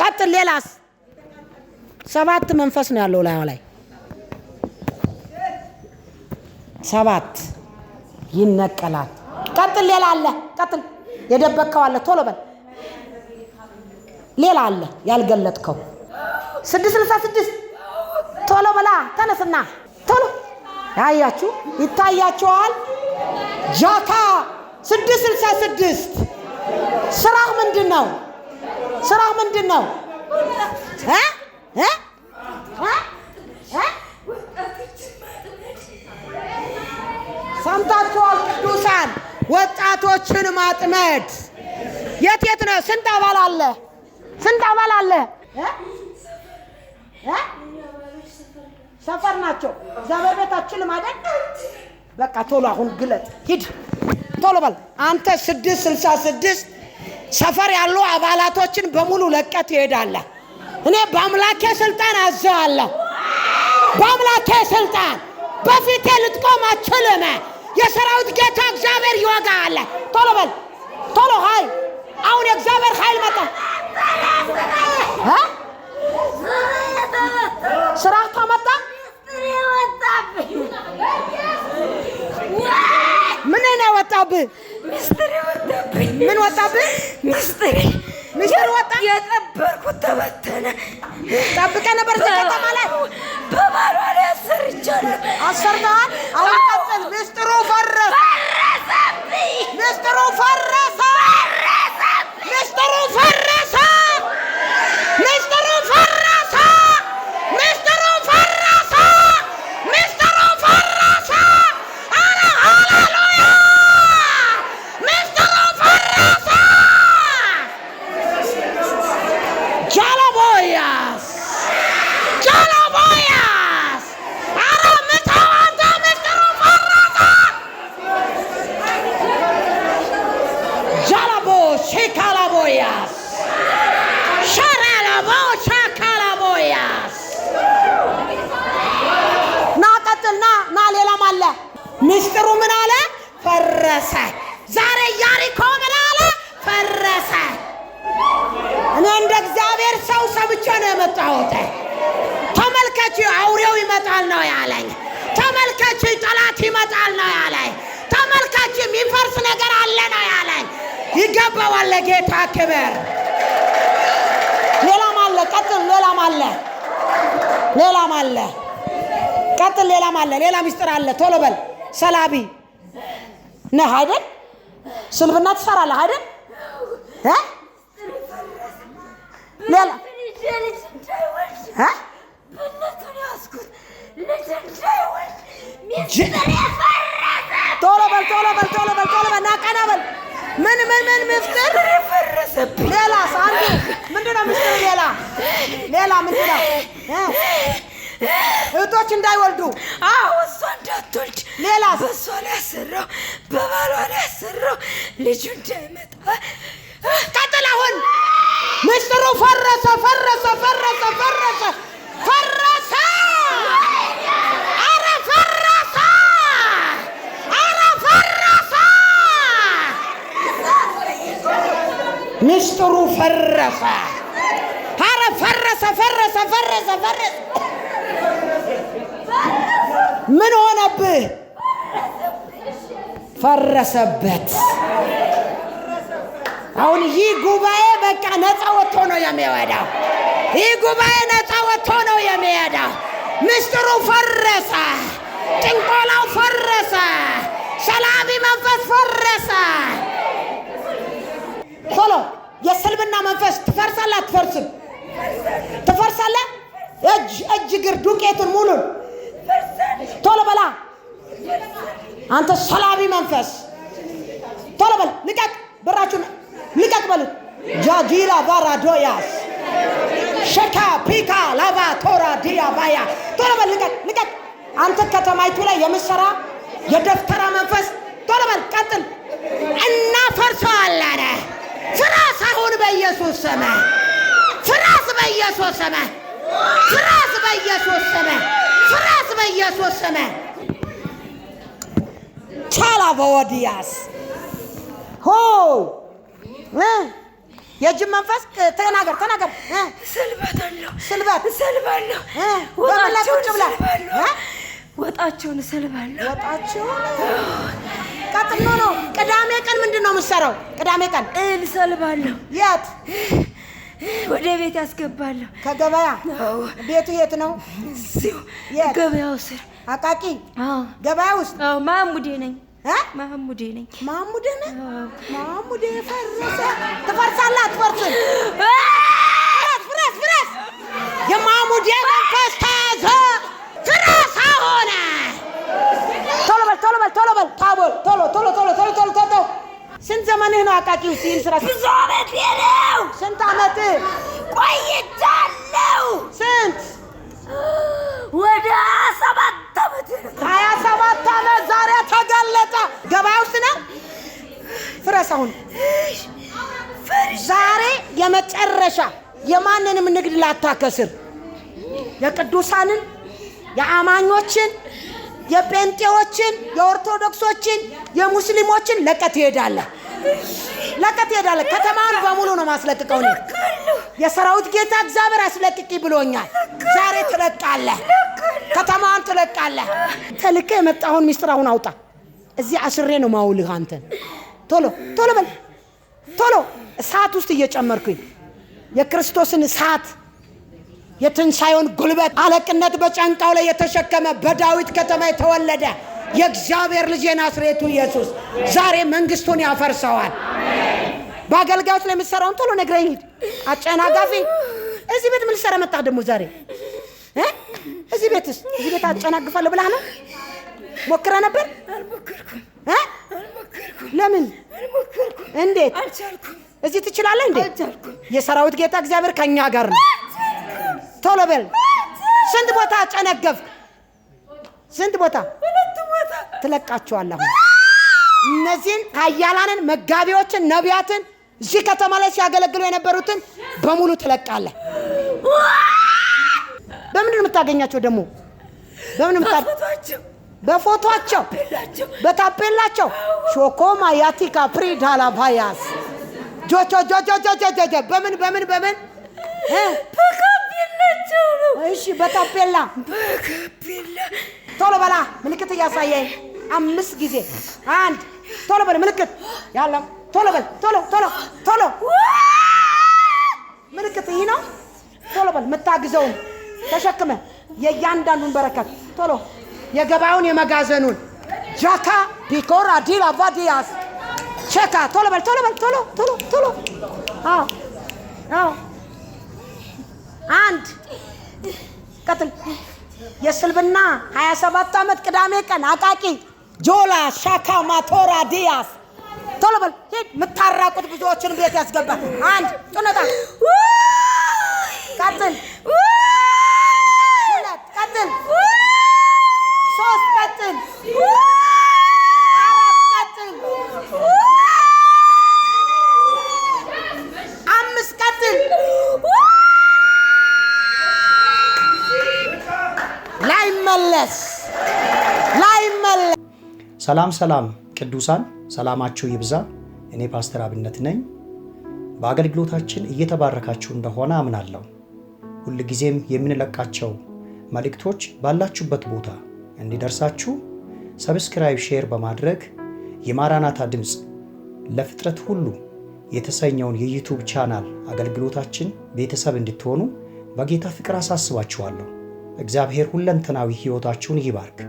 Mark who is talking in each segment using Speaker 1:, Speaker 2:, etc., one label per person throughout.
Speaker 1: ቀጥል። ሌላስ ሰባት መንፈስ ነው ያለው ላዩ ላይ ሰባት ይነቀላል። ቀጥል። ሌላ አለ። ቀጥል። የደበቅከው አለ። ቶሎ በል። ሌላ አለ ያልገለጥከው። ስድስት ልሳ ስድስት ቶሎ በላ። ተነስና ቶሎ። ያያችሁ ይታያችኋል። ጃካ ስድስት ልሳ ስድስት ስራህ ምንድን ነው? ስራ ምንድን ነው? ሰምታችኋል? ቅዱሳን ወጣቶችን ማጥመድ የት የት ነው? ስንት አባል አለ? ስንት አባል አለ? ሰፈር ናቸው። ዘመድ ቤት አችልም በቃ ቶሎ አሁን ግለጥ፣ ሂድ ቶሎ በል አንተ ስድስት ስልሳ ስድስት ሰፈር ያሉ አባላቶችን በሙሉ ለቀት ይሄዳለ። እኔ በአምላኬ ስልጣን አዘዋለሁ። በአምላኬ ስልጣን በፊቴ ልትቆም አትችልም። የሰራዊት ጌታ እግዚአብሔር ይወጋሃል። ቶሎ በል ቶሎ ኃይል አሁን የእግዚአብሔር ኃይል መጣ። ስራ ታመጣ ምን አይና ወጣብህ? ሚስጥር ወጣብኝ። ምን ወጣብህ? ሚስጥር ሚስጥር ወጣ። የጠበቅኩት ተበተነ። ጠብቀህ ነበር እዚህ ላይ በባሏ ላይ አሰርቻለሁ። አሰርተሃል። አሁን ቀጥል። ሚስጥሩ ፈረሰ። ሚስጥሩ ፈረሰ። ይመጣል ነው ያለኝ። ተመልከች ጠላት ይመጣል ነው ያለኝ። ተመልከች የሚፈርስ ነገር አለ ነው ያለኝ። ይገባዋል ለጌታ ክብር። ሌላም አለ ቀጥል። ሌላም አለ ሌላም አለ ቀጥል። ሌላም አለ ሌላ ሚስጥር አለ። ቶሎ በል ሰላቢ ነህ አይደል? ስልብና ትሰራለህ አይደል? ሌላ ቶሎ በል ቶሎ በል ቶሎ በል ቶሎ በል ና ቀና በል። ምን ምን ምን ምስጢር ፈረሰብኝ? አንዱ ምንድን ነው ምስጢሩ? ሌላ ሌላ ምንድን ነው? እህቶች እንዳይወልዱ። አዎ እሷ እንዳትወልድ። ሌላስ? በእሷ ላይ ያሰራው በባሏ ላይ ያሰራው ልጁ እንዳይመጣ። ቀጥል። አሁን ምስጢሩ ፈረሰ ፈረሰ ፈረሰ ፈረሰ ምስጢሩ ፈረሰ። ኧረ ፈረሰ ፈረሰ ፈረሰ ፈረሰ። ምን ሆነብህ? ፈረሰበት። አሁን ይህ ጉባኤ በቃ ነፃ ወጥቶ ነው የሚሄዳው። ይህ ጉባኤ ነፃ ወጥቶ ነው የሚሄዳው። ምስጢሩ ፈረሰ። ጥንቆላው ፈረሰ። ሰላቢ መንፈስ ፈረሰ። ቶሎ የስልምና መንፈስ ትፈርሳለህ፣ አትፈርስም? ትፈርሳለህ። እጅ እጅ እግር ዱቄቱን ሙሉ ቶሎ በላ። አንተ ሰላቢ መንፈስ ቶሎ በል ልቀቅ፣ ብራችሁን ልቀቅ በሉት። ጃጂላ ባራዶያስ ሸካ ፒካ ላባ ቶራ ዲያ ባያ ቶሎ በል ልቀቅ፣ ልቀቅ። አንተ ከተማይቱ ላይ የምሰራ የደፍተራ መንፈስ ቶሎ በል ቀጥል እና ፈርሰዋል አለ ፍረስ አሁን በኢየሱስ ስም ፍረስ፣ በኢየሱስ ስም ፍረስ፣ በኢየሱስ ስም ፍረስ፣ በኢየሱስ ስም ቻላ ሆ የጅብ መንፈስ ተናገር ተናገር።
Speaker 2: እሰልባታለሁ ስልባት እሰልባለሁ ወጣችሁን እሰልባለሁ
Speaker 1: ወጣችሁን የምትሰራው? ቅዳሜ ቀን
Speaker 2: እህል ሰልባለሁ። የት? ወደ ቤት ያስገባለሁ።
Speaker 1: ከገበያ ቤቱ የት ነው?
Speaker 2: እዚሁ ገበያው ስር
Speaker 1: አቃቂ ገበያ ውስጥ
Speaker 2: ማሙዴ ነኝ። ማሙዴ ነኝ።
Speaker 1: ማሙዴ ነኝ። ማሙዴ ፈረሰ። ትፈርሳለህ? አትፈርስም። ፍረስ፣ ፍረስ፣ የማሙዴ መንፈስ ተያዘ። ፍረስ አሁን ቶሎ በል፣ ቶሎ በል፣ ቶሎ በል፣ ቶሎ ቶሎ ቶሎ ቶሎ ቶሎ ስንት ዘመንህ ነው አቃቂ ውስጥ ይህን ስራ?
Speaker 2: ብዙ አመት የለው ስንት አመት ቆይቻለሁ? ስንት ወደ ሀያ ሰባት አመት
Speaker 1: ሀያ ሰባት አመት ዛሬ ተገለጠ። ገበያ ውስጥ ነው። ፍረስ አሁን ዛሬ የመጨረሻ የማንንም ንግድ ላታከስር የቅዱሳንን የአማኞችን የጴንጤዎችን፣ የኦርቶዶክሶችን፣ የሙስሊሞችን ለቀት ይሄዳለህ። ለቀት ሄዳለ ከተማውን በሙሉ ነው ማስለቅቀው። የሰራዊት ጌታ እግዚአብሔር አስለቅቂ ብሎኛል። ዛሬ ትለቃለህ፣ ከተማዋን ትለቃለህ። ተልከ የመጣሁን ሚስጥር አሁን አውጣ። እዚህ አስሬ ነው ማውልህ። አንተን ቶሎ ቶሎ በል ቶሎ። እሳት ውስጥ እየጨመርኩኝ የክርስቶስን እሳት የትንሣኤውን ጉልበት አለቅነት በጫንቃው ላይ የተሸከመ በዳዊት ከተማ የተወለደ የእግዚአብሔር ልጅ የናዝሬቱ ኢየሱስ ዛሬ መንግስቱን ያፈርሰዋል። በአገልጋዮች ላይ የምትሰራውን ቶሎ ነግረኝ። ሂድ አጨናጋፊ፣ እዚህ ቤት ምን ልትሰራ መጣህ ደግሞ ዛሬ? እዚህ ቤትስ እዚህ ቤት አጨናግፋለሁ ብላህ ነው? ሞክረ ነበር? ለምን? እንዴት? እዚህ ትችላለህ እንዴ? የሰራዊት ጌታ እግዚአብሔር ከእኛ ጋር ነው። ቶሎ በል። ስንት ቦታ አጨነገፍክ? ስንት ቦታ ትለቃቸዋል። አሁን እነዚህን ኃያላንን መጋቢዎችን፣ ነቢያትን እዚህ ከተማ ላይ ሲያገለግሉ የነበሩትን በሙሉ ትለቃለህ። በምንድን የምታገኛቸው ደግሞ? በምን በፎቶቸው፣ በታፔላቸው ሾኮማ ያቲካ ፕሪዳላ ቫያስ ጆጆ በምን በምን በምን እሺ፣ በታፔላ ቶሎ በላ ምልክት እያሳየኝ አምስት ጊዜ አንድ ቶሎ በል ምልክት ያለ ቶሎ በል ቶሎ ቶሎ ቶሎ ምልክት ይህ ነው። ቶሎ በል የምታግዘውን ተሸክመ የእያንዳንዱን በረከት ቶሎ የገበያውን የመጋዘኑን ጃካ ቢኮራ ዲላ ቫዲያስ ቸካ ቶሎ በል ቶሎ በል ቶሎ ቶሎ ቶሎ አንድ ቀጥል የስልብና 27 ዓመት ቅዳሜ ቀን አቃቂ ጆላ ሻካ ማቶራ ዲያስ ቶሎ በል ሂድ። የምታራቁት ብዙዎችን ቤት ያስገባ። አንድ ጥነታ ቀጥል፣ ሁለት ቀጥል፣ ሶስት ቀጥል፣ አራት ቀጥል፣ አምስት ቀጥል። ላይመለስ
Speaker 3: ሰላም ሰላም ቅዱሳን፣ ሰላማችሁ ይብዛ። እኔ ፓስተር አብነት ነኝ። በአገልግሎታችን እየተባረካችሁ እንደሆነ አምናለሁ። ጊዜም የምንለቃቸው መልእክቶች ባላችሁበት ቦታ እንዲደርሳችሁ ሰብስክራይብ፣ ሼር በማድረግ የማራናታ ድምፅ ለፍጥረት ሁሉ የተሰኘውን የዩቱብ ቻናል አገልግሎታችን ቤተሰብ እንድትሆኑ በጌታ ፍቅር አሳስባችኋለሁ። እግዚአብሔር ሁለንተናዊ ሕይወታችሁን ይባርክ።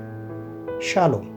Speaker 3: ሻሎም